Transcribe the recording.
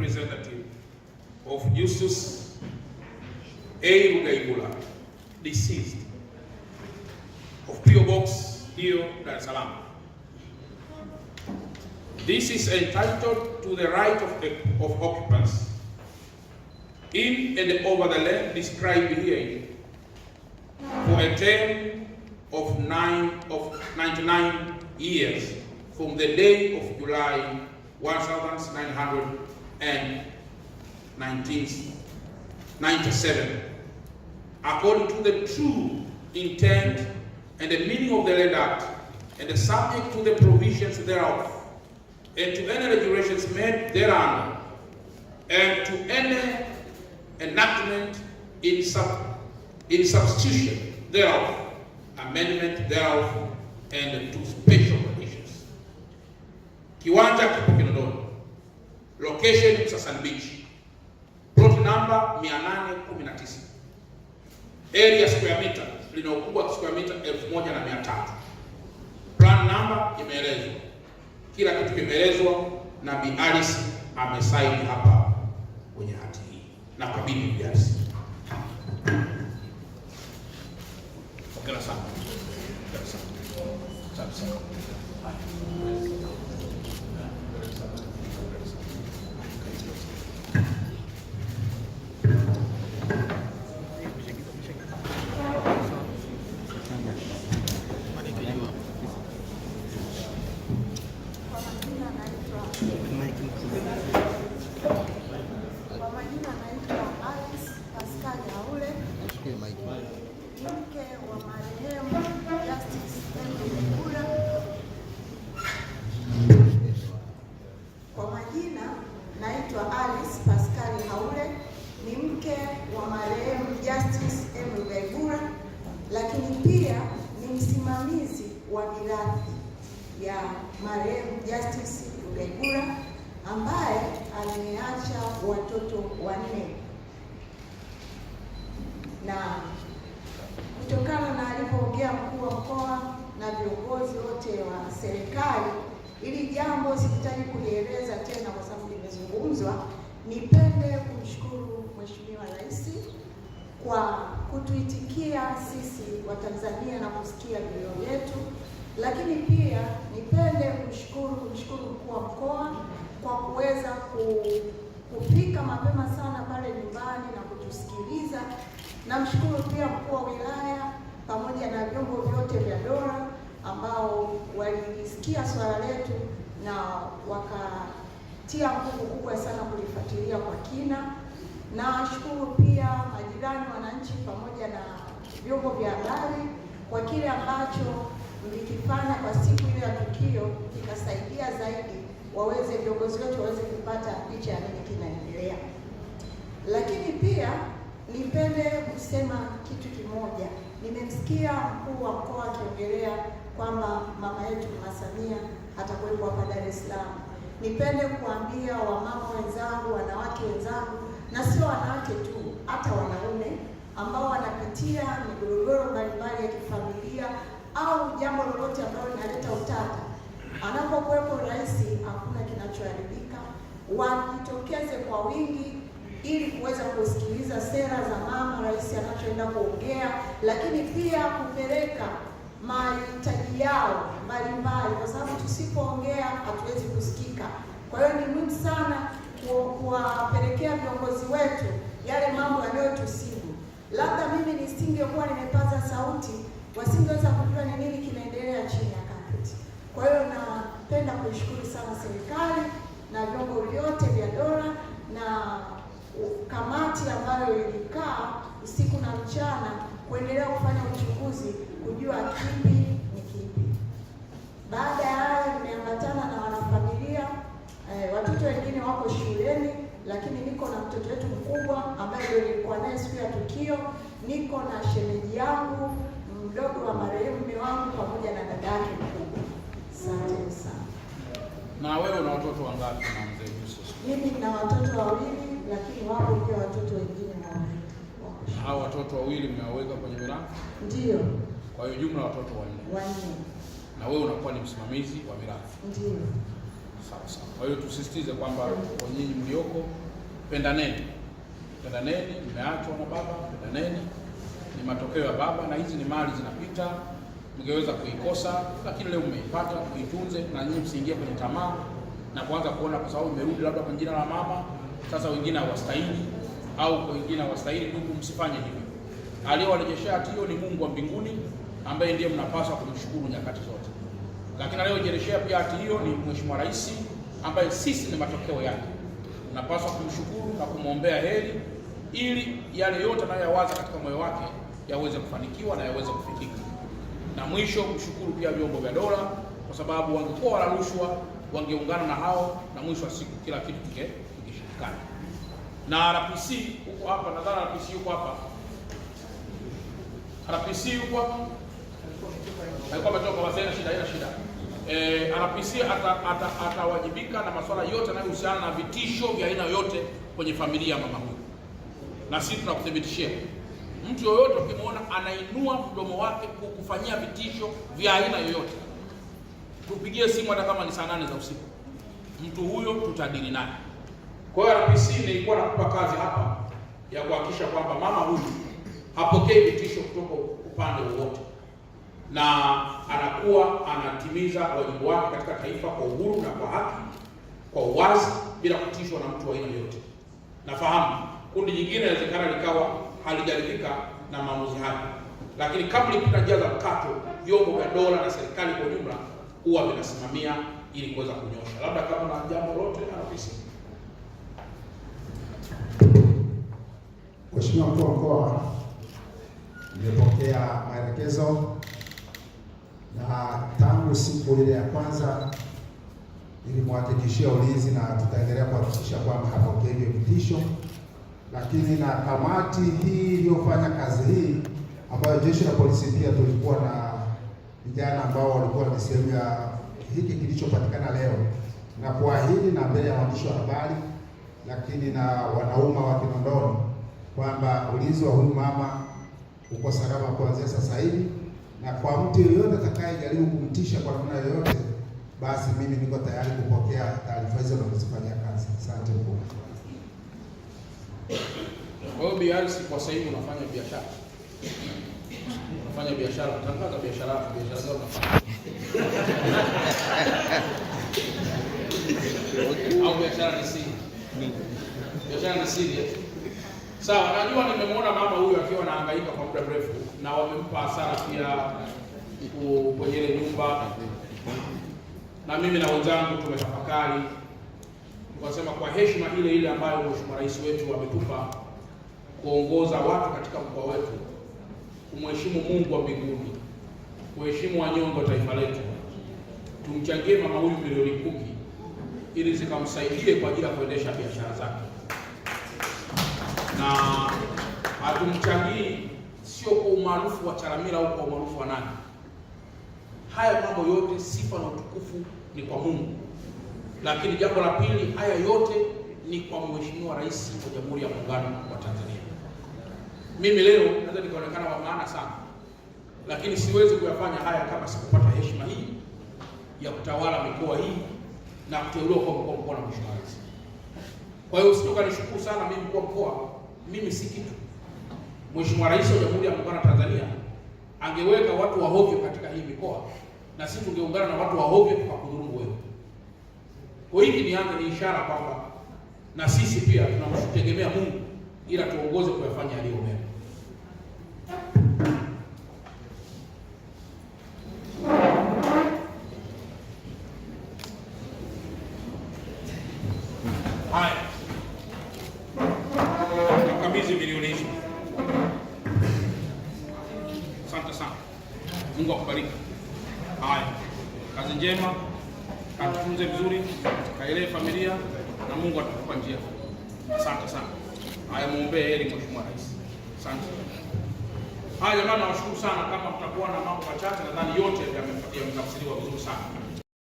representative of Justus A. Rugaibula, deceased, of PO Box Hill, Dar es Salaam. This is entitled to the right of, the, of occupants in and over the land described herein for a term of, nine, of 99 years from the day of July 1900 and 1997, according to the true intent and the meaning of the Land Act, and subject to the provisions thereof, and to any regulations made thereon, and to any enactment in, sub, in substitution thereof, amendment thereof, and to special conditions. Kiwanja kipo Location Msasani Beach, plot number 819, area square meter lina ukubwa wa square meter 1300. Plan number imeelezwa, kila kitu kimeelezwa na Bi Alice amesaini hapa kwenye hati hii na kabidhi Bi Alice. Hongera sana. Hongera sana. Asante sana. mke wa marehemu Justice Edwin kwa majina naitwa Alice Pascal Haule, ni mke wa marehemu Justice Edwin Mekula, lakini pia ni msimamizi wa mirathi ya marehemu Justice Rugegura ambaye ameacha watoto wanne na kutokana na alipoongea mkuu wa mkoa na viongozi wote wa serikali. Ili jambo sihitaji kulieleza tena kwa sababu limezungumzwa. Nipende kumshukuru Mheshimiwa Rais kwa kutuitikia sisi Watanzania na kusikia vilio yetu, lakini pia nipende kumshukuru kumshukuru mkuu wa mkoa kwa kuweza kupika mapema sana pale nyumbani na kutusikiliza. Namshukuru pia mkuu wa wilaya pamoja na vyombo vyote vya dola ambao walisikia swala letu na wakatia nguvu kubwa sana kulifuatilia kwa kina. Nawashukuru pia majirani, wananchi pamoja na vyombo vya habari kwa kile ambacho mlikifanya kwa siku hiyo ya tukio, kikasaidia zaidi waweze viongozi wetu waweze kupata picha ya nini kinaendelea, lakini pia Nipende kusema kitu kimoja. Nimemsikia mkuu wa mkoa akiongelea kwamba mama yetu Mama Samia atakuwepo hapa Dar es Salaam. Nipende kuambia wamama wenzangu, wanawake wenzangu, na sio wanawake tu, hata wanaume ambao wanapitia migogoro mbalimbali ya kifamilia au jambo lolote ambalo linaleta utata, anapokuwepo rais hakuna kinachoharibika. Wajitokeze kwa wingi ili kuweza kusikiliza sera za mama rais anachoenda kuongea, lakini pia kupeleka mahitaji yao mbalimbali, kwa sababu tusipoongea hatuwezi kusikika. Kwa hiyo ni muhimu sana kuwapelekea viongozi wetu yale mambo yanayotusibu. Labda mimi nisingekuwa nimepaza sauti, wasingeweza kujua ni nini kinaendelea chini ya kapeti. Kwa hiyo napenda kuishukuru sana serikali na vyombo vyote mchana kuendelea kufanya uchunguzi kujua kipi ni kipi. Baada ya hayo, nimeambatana na wanafamilia eh, watoto wengine wako shuleni, lakini niko na mtoto wetu mkubwa ambaye ndio nilikuwa naye siku ya tukio. Niko na shemeji yangu mdogo wa marehemu mume wangu pamoja na dada yake mkubwa. Asante sana. Na wewe una watoto wangapi na mzee Yusuf? Mimi nina watoto wawili, lakini wapo pia watoto wengine hao watoto wawili mnawaweka kwenye mirathi? Ndio. Kwa hiyo jumla watoto wanne. Wanne. Na wewe unakuwa ni msimamizi wa mirathi? Ndio. Sawa sawa. Kwa hiyo tusisitize kwamba kwa nyinyi mlioko, pendaneni, pendaneni. Mmeachwa na baba, pendaneni, ni matokeo ya baba, na hizi ni mali zinapita mngeweza kuikosa lakini leo mmeipata, kuitunze na nyinyi msiingie kwenye tamaa na kuanza kuona kwa sababu umerudi labda kwa jina la mama, sasa wengine hawastahili au kwa wengine wastahili, Ndugu, msifanye hivyo. aliyewarejeshea hati hiyo ni Mungu wa mbinguni ambaye ndiye mnapaswa kumshukuru nyakati zote, lakini aliyojereshea pia hati hiyo ni Mheshimiwa Rais ambaye sisi ni matokeo yake. Mnapaswa kumshukuru na kumwombea heri ili yale yote anayoyawaza katika moyo wake yaweze kufanikiwa na yaweze kufikika. Na mwisho mshukuru pia vyombo vya dola, kwa sababu wangekuwa wala rushwa wangeungana na hao, na mwisho wa siku kila kitu kingeshindikana na RPC huko hapa, nadhani RPC huko hapa, RPC huko hapa alikuwa ametoka basi, ina shida, ina shida. Eh, RPC atawajibika ata, ata na masuala yote yanayohusiana na vitisho vya aina yote kwenye familia ya mama huyu, na sisi tunakuthibitishia mtu yoyote ukimwona anainua mdomo wake kukufanyia vitisho vya aina yoyote, tupigie simu hata kama ni saa nane za usiku, mtu huyo tutadili naye. Kwa hiyo RPC nilikuwa nakupa kazi hapa ya kuhakikisha kwamba mama huyu hapokei vitisho kutoka upande wowote na anakuwa anatimiza wajibu wake katika taifa kwa uhuru na kwa haki, kwa uwazi, bila kutishwa na mtu wa aina yoyote. Nafahamu kundi jingine inawezekana likawa halijaridhika na maamuzi hayo, lakini kabla ipita njia za mkato, vyombo vya dola na serikali kwa ujumla huwa vinasimamia ili kuweza kunyosha. Labda kama na jambo lote na ofisi Mheshimiwa mkuu wa mkoa, nimepokea maelekezo na tangu siku ile ya kwanza nilimhakikishia ulinzi na tutaendelea kuhakikisha kwamba hapokei vitisho, lakini na kamati hii iliyofanya kazi hii ambayo jeshi la polisi pia tulikuwa na vijana ambao walikuwa ni sehemu ya hiki kilichopatikana leo, na kuahidi na mbele ya waandishi wa habari lakini na wanauma wa Kinondoni kwamba ulinzi wa huyu mama uko salama kuanzia sasa hivi, na kwa mtu yeyote atakayejaribu kumtisha kwa namna yoyote, basi mimi niko tayari kupokea taarifa hizo na kuzifanyia kazi. Asante kwa kwa sasa hivi unafanya biashara unafanya biashara, tangaza biashara yako, biashara zao unafanya au biashara ni biashara na siri. Sawa, najua nimemwona mama huyu akiwa anahangaika kwa muda mrefu, na wamempa hasara pia kwenye ile nyumba, na mimi na wenzangu tumetafakari tukasema, kwa heshima ile ile ambayo mheshimiwa rais wetu ametupa kuongoza watu katika mkoa wetu, kumheshimu Mungu wa mbinguni, kuheshimu wanyonge wa taifa letu, tumchangie mama huyu milioni kumi ili zikamsaidie kwa ajili ya kuendesha biashara zake, na hatumchagii sio kwa umaarufu wa Chalamila au kwa umaarufu wa nani. Haya mambo yote, sifa na utukufu ni kwa Mungu. Lakini jambo la pili, haya yote ni kwa Mheshimiwa Rais wa Jamhuri ya Muungano wa Tanzania. Mimi leo naweza nikaonekana wa maana sana, lakini siwezi kuyafanya haya kama sikupata heshima hii ya kutawala mikoa hii na kuteuliwa kwa mkuu mkoa na mheshimiwa rais. Kwa hiyo usitoka nishukuru sana mimi mkuu mkoa, mimi si kitu. Mheshimiwa Rais wa Jamhuri ya Muungano wa Tanzania angeweka watu wa hovyo katika hii mikoa na sisi tungeungana na watu wa hovyo tukakudhuru wewe. Kwa ni anga ni ishara kwamba na sisi pia tunamtegemea Mungu ila tuongoze kuyafanya yaliyo mema. Haya, kazi njema, katunze vizuri, kaelee familia na Mungu atakupa njia. Asante sana. Haya, muombee heri Mheshimiwa Rais. Asante. Haya jamani, nawashukuru sana. Kama mtakuwa na mambo machache, nadhani yote yametafsiriwa vizuri sana.